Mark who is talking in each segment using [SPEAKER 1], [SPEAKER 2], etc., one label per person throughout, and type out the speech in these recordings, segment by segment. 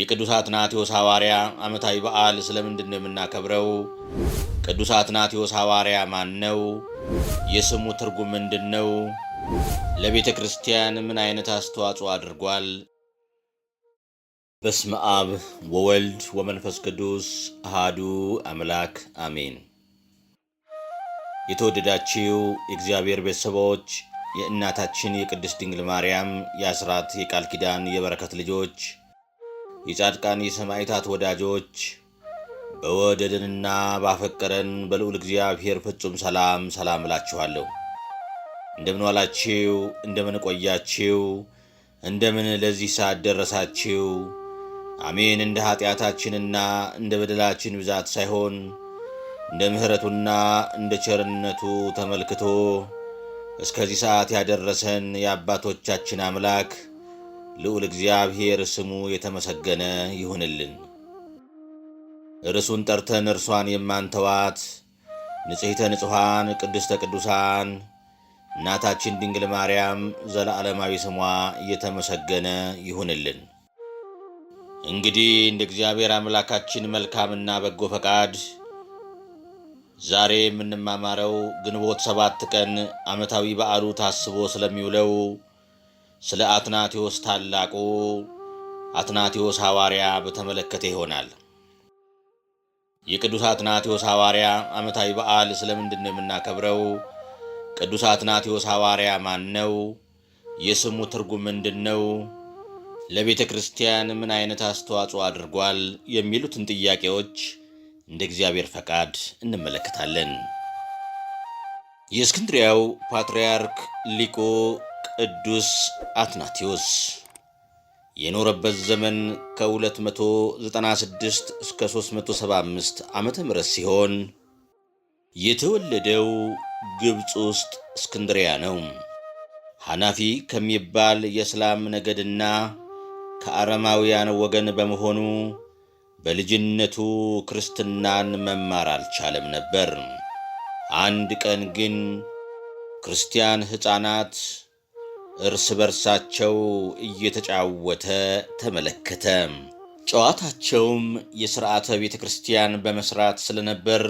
[SPEAKER 1] የቅዱስ አትናቴዎስ ሐዋርያ ዓመታዊ በዓል ስለምንድን ነው የምናከብረው? ቅዱስ አትናቴዎስ ሐዋርያ ማን ነው? የስሙ ትርጉም ምንድን ነው? ለቤተ ክርስቲያን ምን አይነት አስተዋጽኦ አድርጓል? በስመ አብ ወወልድ ወመንፈስ ቅዱስ አሃዱ አምላክ አሜን። የተወደዳችው የእግዚአብሔር ቤተሰቦች የእናታችን የቅድስት ድንግል ማርያም የአስራት የቃል ኪዳን የበረከት ልጆች የጻድቃን የሰማዕታት ወዳጆች በወደደንና ባፈቀረን በልዑል እግዚአብሔር ፍጹም ሰላም ሰላም እላችኋለሁ። እንደምን ዋላችሁ? እንደምን ቆያችሁ? እንደምን ለዚህ ሰዓት ደረሳችሁ? አሜን። እንደ ኃጢአታችንና እንደ በደላችን ብዛት ሳይሆን እንደ ምሕረቱና እንደ ቸርነቱ ተመልክቶ እስከዚህ ሰዓት ያደረሰን የአባቶቻችን አምላክ ልዑል እግዚአብሔር ስሙ የተመሰገነ ይሁንልን። እርሱን ጠርተን እርሷን የማንተዋት ንጽሕተ ንጹሐን ቅድስተ ቅዱሳን እናታችን ድንግል ማርያም ዘለዓለማዊ ስሟ እየተመሰገነ ይሁንልን። እንግዲህ እንደ እግዚአብሔር አምላካችን መልካምና በጎ ፈቃድ ዛሬ የምንማማረው ግንቦት ሰባት ቀን ዓመታዊ በዓሉ ታስቦ ስለሚውለው ስለ አትናቴዎስ ታላቁ አትናቴዎስ ሐዋርያ በተመለከተ ይሆናል። የቅዱስ አትናቴዎስ ሐዋርያ ዓመታዊ በዓል ስለምንድን ነው የምናከብረው? ቅዱስ አትናቴዎስ ሐዋርያ ማን ነው? የስሙ ትርጉም ምንድን ነው? ለቤተ ክርስቲያን ምን አይነት አስተዋጽኦ አድርጓል? የሚሉትን ጥያቄዎች እንደ እግዚአብሔር ፈቃድ እንመለከታለን። የእስክንድሪያው ፓትርያርክ ሊቁ ቅዱስ አትናቴዎስ የኖረበት ዘመን ከ296 እስከ 375 ዓመተ ምህረት ሲሆን የተወለደው ግብፅ ውስጥ እስክንድሪያ ነው። ሐናፊ ከሚባል የእስላም ነገድና ከአረማውያን ወገን በመሆኑ በልጅነቱ ክርስትናን መማር አልቻለም ነበር። አንድ ቀን ግን ክርስቲያን ሕፃናት እርስ በርሳቸው እየተጫወተ ተመለከተ። ጨዋታቸውም የሥርዓተ ቤተ ክርስቲያን በመሥራት ስለነበር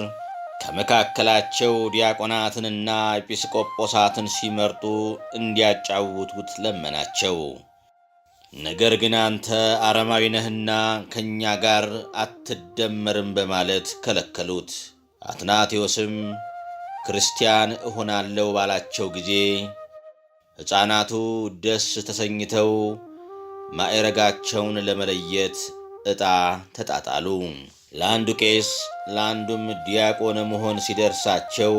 [SPEAKER 1] ከመካከላቸው ዲያቆናትንና ኤጲስቆጶሳትን ሲመርጡ እንዲያጫውቱት ለመናቸው። ነገር ግን አንተ አረማዊ ነህና ከእኛ ጋር አትደመርም በማለት ከለከሉት። አትናቴዎስም ክርስቲያን እሆናለሁ ባላቸው ጊዜ ሕፃናቱ ደስ ተሰኝተው ማዕረጋቸውን ለመለየት ዕጣ ተጣጣሉ። ለአንዱ ቄስ ለአንዱም ዲያቆን መሆን ሲደርሳቸው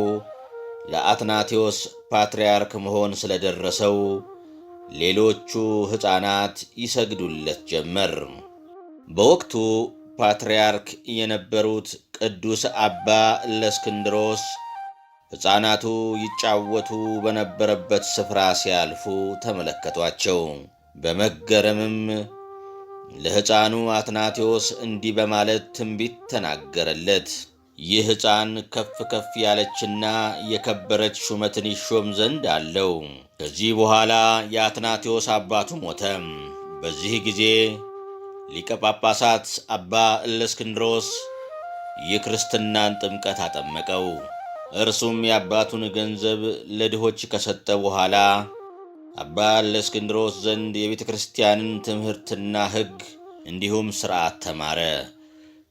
[SPEAKER 1] ለአትናቴዎስ ፓትርያርክ መሆን ስለደረሰው ሌሎቹ ሕፃናት ይሰግዱለት ጀመር። በወቅቱ ፓትርያርክ የነበሩት ቅዱስ አባ ለስክንድሮስ! ሕፃናቱ ይጫወቱ በነበረበት ስፍራ ሲያልፉ ተመለከቷቸው። በመገረምም ለሕፃኑ አትናቴዎስ እንዲህ በማለት ትንቢት ተናገረለት። ይህ ሕፃን ከፍ ከፍ ያለችና የከበረች ሹመትን ይሾም ዘንድ አለው። ከዚህ በኋላ የአትናቴዎስ አባቱ ሞተ። በዚህ ጊዜ ሊቀ ጳጳሳት አባ እለስክንድሮስ የክርስትናን ጥምቀት አጠመቀው። እርሱም የአባቱን ገንዘብ ለድሆች ከሰጠ በኋላ አባ ለእስክንድሮስ ዘንድ የቤተ ክርስቲያንን ትምህርትና ሕግ እንዲሁም ሥርዓት ተማረ፣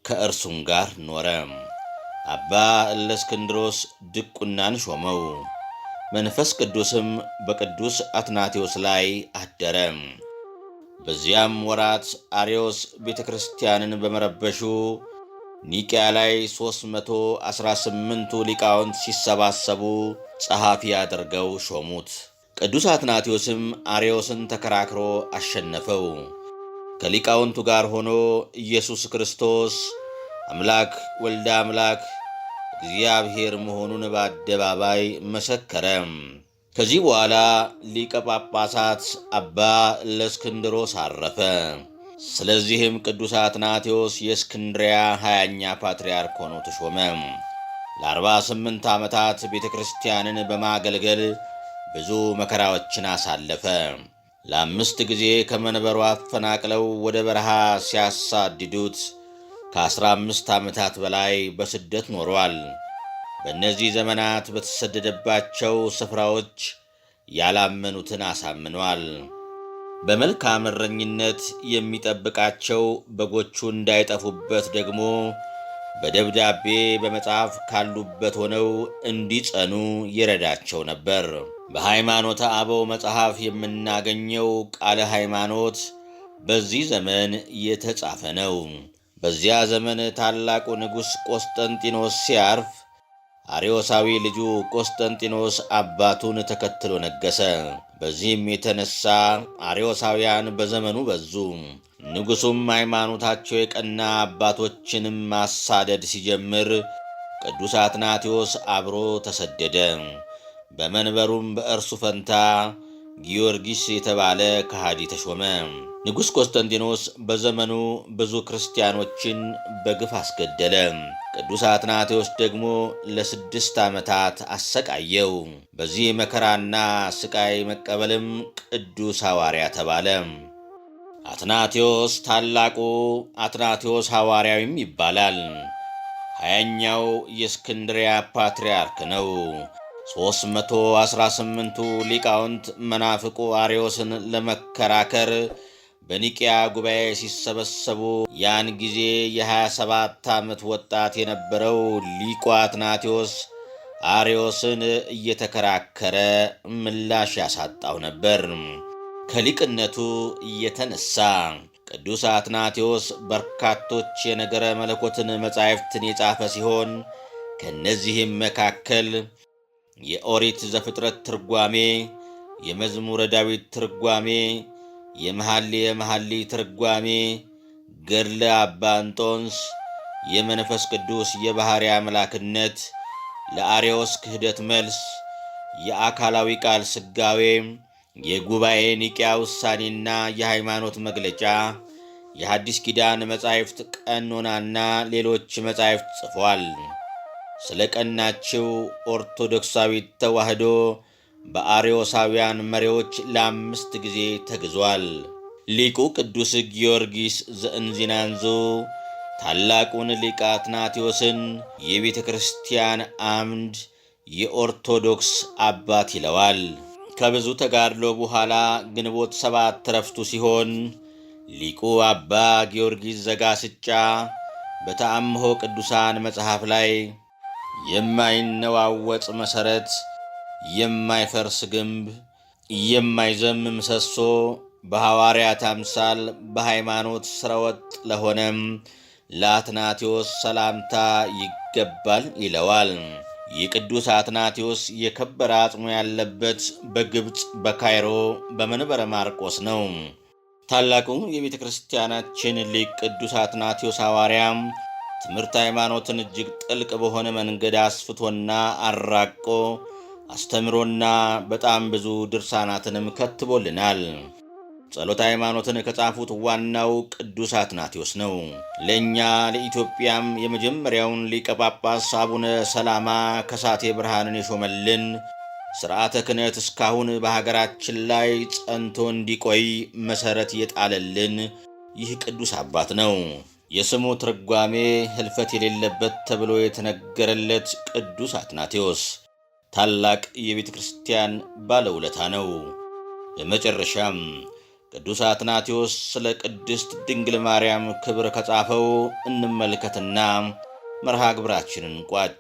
[SPEAKER 1] ከእርሱም ጋር ኖረ። አባ እለእስክንድሮስ ድቁናን ሾመው። መንፈስ ቅዱስም በቅዱስ አትናቴዎስ ላይ አደረ። በዚያም ወራት አርዮስ ቤተ ክርስቲያንን በመረበሹ ኒቅያ ላይ 318ቱ ሊቃውንት ሲሰባሰቡ ጸሐፊ አድርገው ሾሙት። ቅዱስ አትናቴዎስም አርዮስን ተከራክሮ አሸነፈው። ከሊቃውንቱ ጋር ሆኖ ኢየሱስ ክርስቶስ አምላክ ወልደ አምላክ እግዚአብሔር መሆኑን በአደባባይ መሰከረ። ከዚህ በኋላ ሊቀ ጳጳሳት አባ ለእስክንድሮስ አረፈ። ስለዚህም ቅዱስ አትናቴዎስ የእስክንድሪያ ሀያኛ ፓትርያርክ ሆኖ ተሾመ። ለ48 ዓመታት ቤተ ክርስቲያንን በማገልገል ብዙ መከራዎችን አሳለፈ። ለአምስት ጊዜ ከመንበሩ አፈናቅለው ወደ በረሃ ሲያሳድዱት ከ15 ዓመታት በላይ በስደት ኖሯል። በእነዚህ ዘመናት በተሰደደባቸው ስፍራዎች ያላመኑትን አሳምኗል። በመልካም እረኝነት የሚጠብቃቸው በጎቹ እንዳይጠፉበት ደግሞ በደብዳቤ በመጽሐፍ ካሉበት ሆነው እንዲጸኑ ይረዳቸው ነበር። በሃይማኖተ አበው መጽሐፍ የምናገኘው ቃለ ሃይማኖት በዚህ ዘመን የተጻፈ ነው። በዚያ ዘመን ታላቁ ንጉሥ ቆስጠንጢኖስ ሲያርፍ አርዮሳዊ ልጁ ቆስጠንጢኖስ አባቱን ተከትሎ ነገሠ። በዚህም የተነሳ አርዮሳውያን በዘመኑ በዙ። ንጉሡም ሃይማኖታቸው የቀና አባቶችንም ማሳደድ ሲጀምር ቅዱስ አትናቴዎስ አብሮ ተሰደደ። በመንበሩም በእርሱ ፈንታ ጊዮርጊስ የተባለ ከሃዲ ተሾመ። ንጉሥ ቆስጠንጢኖስ በዘመኑ ብዙ ክርስቲያኖችን በግፍ አስገደለ። ቅዱስ አትናቴዎስ ደግሞ ለስድስት ዓመታት አሰቃየው። በዚህ መከራና ስቃይ መቀበልም ቅዱስ ሐዋርያ ተባለ። አትናቴዎስ ታላቁ አትናቴዎስ ሐዋርያዊም ይባላል። ሀያኛው የእስክንድሪያ ፓትርያርክ ነው። 318ቱ ሊቃውንት መናፍቁ አርዮስን ለመከራከር በኒቅያ ጉባኤ ሲሰበሰቡ ያን ጊዜ የ27 ዓመት ወጣት የነበረው ሊቁ አትናቴዎስ አርዮስን እየተከራከረ ምላሽ ያሳጣው ነበር። ከሊቅነቱ እየተነሳ ቅዱስ አትናቴዎስ በርካቶች የነገረ መለኮትን መጻሕፍትን የጻፈ ሲሆን ከእነዚህም መካከል የኦሪት ዘፍጥረት ትርጓሜ፣ የመዝሙረ ዳዊት ትርጓሜ የመሐሌ የመሐሌ ትርጓሜ ገድለ አባ እንጦንስ የመንፈስ ቅዱስ የባሕርይ አምላክነት ለአርዮስ ክህደት መልስ የአካላዊ ቃል ስጋዌ የጉባኤ ኒቅያ ውሳኔና የሃይማኖት መግለጫ የሐዲስ ኪዳን መጻሕፍት ቀኖናና ሌሎች መጻሕፍት ጽፏል። ስለ ቀናችው ኦርቶዶክሳዊት ተዋሕዶ በአርዮሳውያን መሪዎች ለአምስት ጊዜ ተግዟል። ሊቁ ቅዱስ ጊዮርጊስ ዘእንዚናንዞ ታላቁን ሊቃ አትናቴዎስን የቤተ ክርስቲያን አምድ የኦርቶዶክስ አባት ይለዋል። ከብዙ ተጋድሎ በኋላ ግንቦት ሰባት ተረፍቱ ሲሆን ሊቁ አባ ጊዮርጊስ ዘጋስጫ በተአምሆ ቅዱሳን መጽሐፍ ላይ የማይነዋወጥ መሠረት የማይፈርስ ግንብ የማይዘም ምሰሶ በሐዋርያት አምሳል በሃይማኖት ስረወጥ ለሆነም ለአትናቴዎስ ሰላምታ ይገባል ይለዋል። የቅዱስ አትናቴዎስ የከበረ አጽሙ ያለበት በግብፅ በካይሮ በመንበረ ማርቆስ ነው። ታላቁ የቤተ ክርስቲያናችን ሊቅ ቅዱስ አትናቴዎስ ሐዋርያም ትምህርት ሃይማኖትን እጅግ ጥልቅ በሆነ መንገድ አስፍቶና አራቆ አስተምሮና በጣም ብዙ ድርሳናትንም ከትቦልናል። ጸሎተ ሃይማኖትን ከጻፉት ዋናው ቅዱስ አትናቴዎስ ነው። ለእኛ ለኢትዮጵያም የመጀመሪያውን ሊቀ ጳጳስ አቡነ ሰላማ ከሳቴ ብርሃንን የሾመልን ሥርዓተ ክህነት እስካሁን በሀገራችን ላይ ጸንቶ እንዲቆይ መሠረት የጣለልን ይህ ቅዱስ አባት ነው። የስሙ ትርጓሜ ሕልፈት የሌለበት ተብሎ የተነገረለት ቅዱስ አትናቴዎስ ታላቅ የቤተ ክርስቲያን ባለውለታ ነው። በመጨረሻም ቅዱስ አትናቴዎስ ስለ ቅድስት ድንግል ማርያም ክብር ከጻፈው እንመልከትና መርሃ ግብራችንን ቋጭ።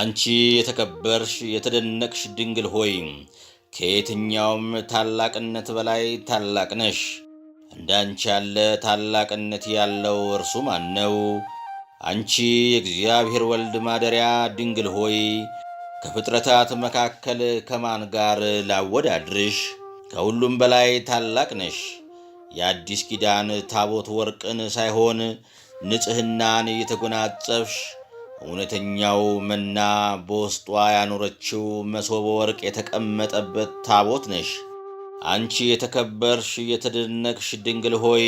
[SPEAKER 1] አንቺ የተከበርሽ የተደነቅሽ ድንግል ሆይ ከየትኛውም ታላቅነት በላይ ታላቅ ነሽ። እንዳንቺ ያለ ታላቅነት ያለው እርሱ ማን ነው? አንቺ የእግዚአብሔር ወልድ ማደሪያ ድንግል ሆይ ከፍጥረታት መካከል ከማን ጋር ላወዳድርሽ? ከሁሉም በላይ ታላቅ ነሽ። የአዲስ ኪዳን ታቦት ወርቅን ሳይሆን ንጽሕናን የተጎናጸፍሽ እውነተኛው መና በውስጧ ያኖረችው መሶበ ወርቅ የተቀመጠበት ታቦት ነሽ። አንቺ የተከበርሽ የተደነቅሽ ድንግል ሆይ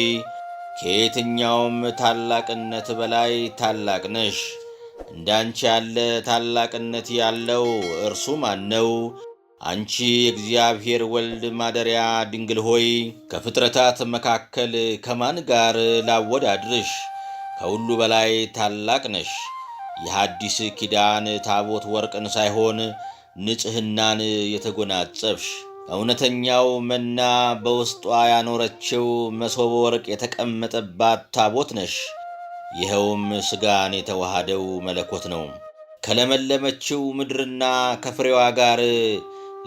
[SPEAKER 1] ከየትኛውም ታላቅነት በላይ ታላቅ ነሽ። እንዳንቺ ያለ ታላቅነት ያለው እርሱ ማን ነው? አንቺ የእግዚአብሔር ወልድ ማደሪያ ድንግል ሆይ ከፍጥረታት መካከል ከማን ጋር ላወዳድርሽ? ከሁሉ በላይ ታላቅ ነሽ። የሐዲስ ኪዳን ታቦት ወርቅን ሳይሆን ንጽሕናን የተጎናጸፍሽ እውነተኛው መና በውስጧ ያኖረችው መሶበ ወርቅ የተቀመጠባት ታቦት ነሽ። ይኸውም ሥጋን የተዋሃደው መለኮት ነው። ከለመለመችው ምድርና ከፍሬዋ ጋር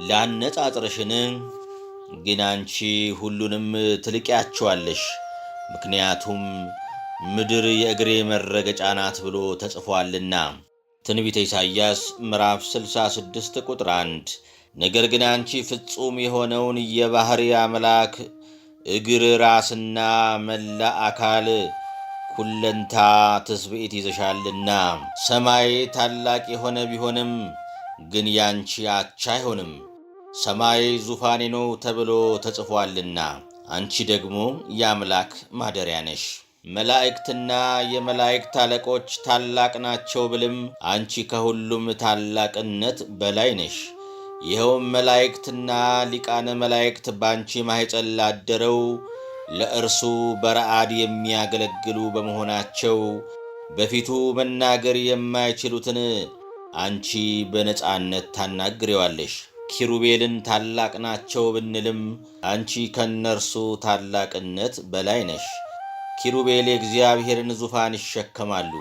[SPEAKER 1] ላነጻጽርሽን ግን አንቺ ሁሉንም ትልቅያቸዋለሽ፣ ምክንያቱም ምድር የእግሬ መረገጫ ናት ብሎ ተጽፏልና። ትንቢተ ኢሳይያስ ምዕራፍ 66 ቁጥር 1። ነገር ግን አንቺ ፍጹም የሆነውን የባሕሪ አምላክ እግር ራስና መላ አካል ሁለንታ ትስብዕት ይዘሻልና ሰማይ ታላቅ የሆነ ቢሆንም ግን ያንቺ አቻ አይሆንም። ሰማይ ዙፋኔ ነው ተብሎ ተጽፏልና አንቺ ደግሞ የአምላክ ማደሪያ ነሽ። መላእክትና የመላእክት አለቆች ታላቅ ናቸው ብልም አንቺ ከሁሉም ታላቅነት በላይ ነሽ። ይኸውም መላእክትና ሊቃነ መላእክት ባንቺ ማኅፀን ላደረው ለእርሱ በረአድ የሚያገለግሉ በመሆናቸው በፊቱ መናገር የማይችሉትን አንቺ በነፃነት ታናግሬዋለሽ። ኪሩቤልን ታላቅ ናቸው ብንልም አንቺ ከነርሱ ታላቅነት በላይ ነሽ። ኪሩቤል የእግዚአብሔርን ዙፋን ይሸከማሉ፣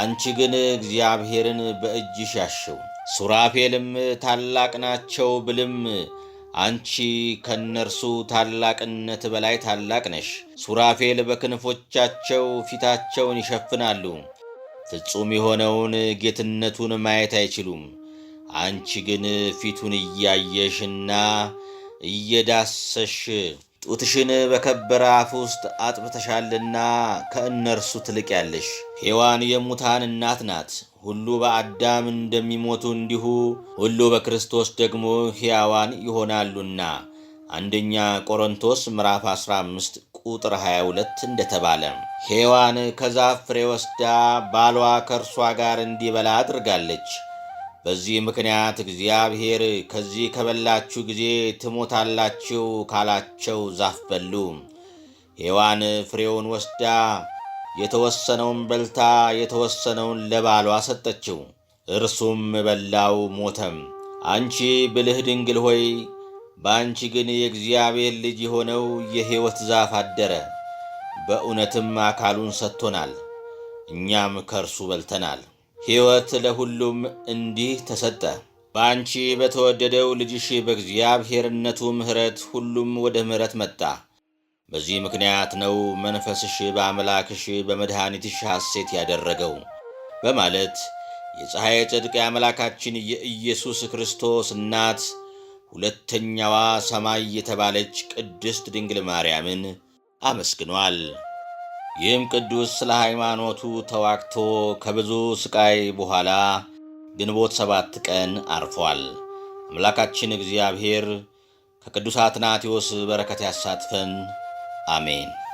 [SPEAKER 1] አንቺ ግን እግዚአብሔርን በእጅሽ ያሽው። ሱራፌልም ታላቅ ናቸው ብልም አንቺ ከእነርሱ ታላቅነት በላይ ታላቅ ነሽ። ሱራፌል በክንፎቻቸው ፊታቸውን ይሸፍናሉ፣ ፍጹም የሆነውን ጌትነቱን ማየት አይችሉም። አንቺ ግን ፊቱን እያየሽና እየዳሰሽ ጡትሽን በከበረ አፍ ውስጥ አጥብተሻልና ከእነርሱ ትልቅ ያለሽ ሔዋን የሙታን እናት ናት። ሁሉ በአዳም እንደሚሞቱ እንዲሁ ሁሉ በክርስቶስ ደግሞ ሕያዋን ይሆናሉና አንደኛ ቆሮንቶስ ምዕራፍ 15 ቁጥር 22 እንደተባለ ሔዋን ከዛፍ ፍሬ ወስዳ ባሏ ከእርሷ ጋር እንዲበላ አድርጋለች። በዚህ ምክንያት እግዚአብሔር ከዚህ ከበላችሁ ጊዜ ትሞታላችሁ ካላቸው ዛፍ በሉ። ሔዋን ፍሬውን ወስዳ የተወሰነውን በልታ የተወሰነውን ለባሏ ሰጠችው። እርሱም በላው ሞተም። አንቺ ብልህ ድንግል ሆይ በአንቺ ግን የእግዚአብሔር ልጅ የሆነው የሕይወት ዛፍ አደረ። በእውነትም አካሉን ሰጥቶናል፣ እኛም ከእርሱ በልተናል። ሕይወት ለሁሉም እንዲህ ተሰጠ። በአንቺ በተወደደው ልጅሽ በእግዚአብሔርነቱ ምሕረት ሁሉም ወደ ምሕረት መጣ። በዚህ ምክንያት ነው መንፈስሽ በአምላክሽ በመድኃኒትሽ ሐሴት ያደረገው በማለት የፀሐይ ጽድቅ የአምላካችን የኢየሱስ ክርስቶስ እናት ሁለተኛዋ ሰማይ የተባለች ቅድስት ድንግል ማርያምን አመስግኗል። ይህም ቅዱስ ስለ ሃይማኖቱ ተዋግቶ ከብዙ ሥቃይ በኋላ ግንቦት ሰባት ቀን አርፏል። አምላካችን እግዚአብሔር ከቅዱስ አትናቴዎስ በረከት ያሳትፈን። Amen.